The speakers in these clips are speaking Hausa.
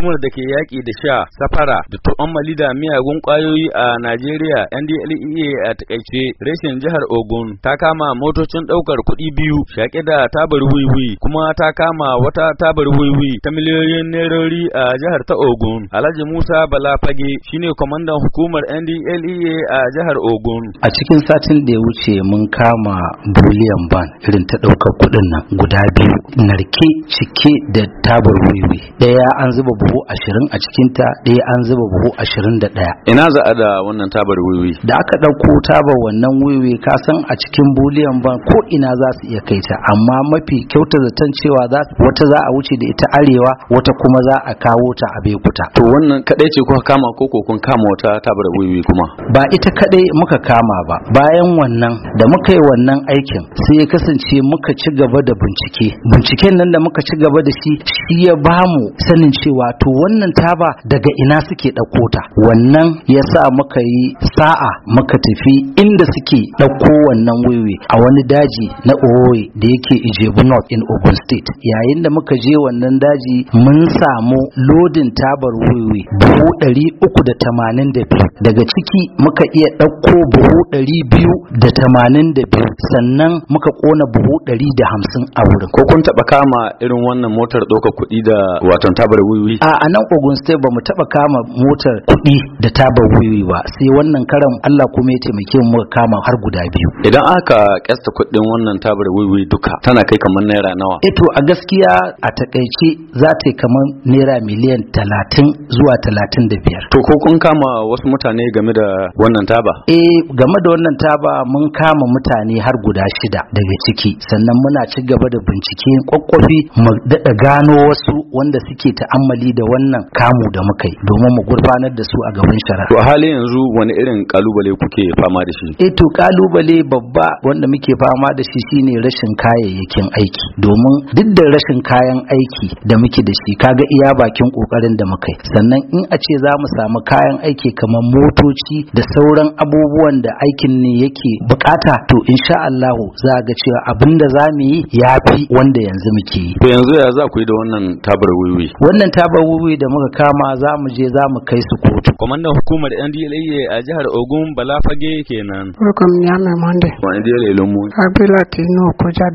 hukumar da ke yaƙi da sha safara da tu'ammali da miyagun ƙwayoyi a Najeriya NDLEA a takaice reshen jihar Ogun ta kama motocin ɗaukar kuɗi biyu shaƙe da tabar wiwi kuma ta kama wata tabar wiwi ta miliyoyin nerori a jihar ta Ogun. Alhaji Musa Balafage shine kwamandan hukumar NDLEA a jihar Ogun. A cikin satin da ya wuce mun kama Bullion Ban irin ta ɗaukar kuɗin nan guda biyu narke cike da tabar wiwi. Ɗaya an zuba buhu ashirin a cikinta ɗaya an zuba buhu ashirin da ɗaya ina za a da wannan tabar wiwi da aka ɗauko tabar wannan wiwi ka san a cikin buliyan ba ko ina za su iya kai ta amma mafi kyauta zaton cewa za wata za a wuce da ita arewa wata kuma za a kawo ta a bekuta to wannan kadai ce kuka kama ko kun kama wata tabar wiwi kuma ba ita kadai muka kama ba bayan wannan da muka yi wannan aikin sai ya kasance muka ci gaba da bincike binciken nan da muka ci gaba da shi shi ya bamu sanin cewa to wannan taba daga ina suke ɗauko ta wannan ya sa muka yi sa'a muka tafi inda suke ɗauko wannan wiwi a wani daji na owoye da yake ijebu north in ogun state yayin da muka je wannan daji mun samu lodin tabar wiwi buhu ɗari uku da tamanin da biyu daga ciki muka iya ɗauko buhu ɗari biyu da tamanin da biyu sannan muka kona buhu ɗari da hamsin a wurin ko kun taɓa kama irin wannan motar ɗaukar kuɗi da watan tabar wiwi a a nan ogun state ba mu taba kama motar kuɗi da tabar wiwi ba sai wannan karan allah kuma ya taimake mu kama har guda biyu idan aka kasta kuɗin wannan tabar wiwi duka tana kai kamar naira nawa eh to a gaskiya a takaice za ta yi kamar naira miliyan talatin zuwa talatin to ko kun kama wasu mutane game da wannan taba eh game da wannan taba mun kama mutane har guda shida daga ciki sannan muna ci gaba da binciken kwakwafi mu daɗa gano wasu wanda suke ta'ammali da da wannan kamu da muka yi domin mu gurfanar da su a gaban shari'a to a halin yanzu wani irin kalubale kuke fama da shi eh to kalubale babba wanda muke fama da shi shine rashin kayayyakin aiki domin duk da rashin kayan aiki da muke da shi kaga iya bakin kokarin da muka yi sannan in a ce za mu samu kayan aiki kamar motoci da sauran abubuwan da aikin ne yake bukata to insha allahu za ga cewa abinda da za mu yi ya fi wanda yanzu muke yi to yanzu ya za ku yi da wannan tabar wiwi wannan tabar abubuwa da muka kama za mu je za mu kai su kotu. Kwamandan hukumar NDLA a jihar Ogun Balafage kenan. Rukun mai Monde. Wani DLA lomu. Abila Tino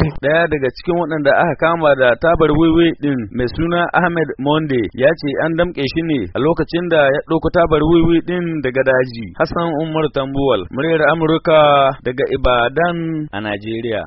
de? Daya daga cikin waɗanda aka kama da tabar wiwi din mai suna Ahmed Monde ya ce an damƙe shi ne a lokacin da ya ɗauko tabar wiwi ɗin daga daji. Hassan Umar Tambuwal, muryar Amurka daga Ibadan a Najeriya.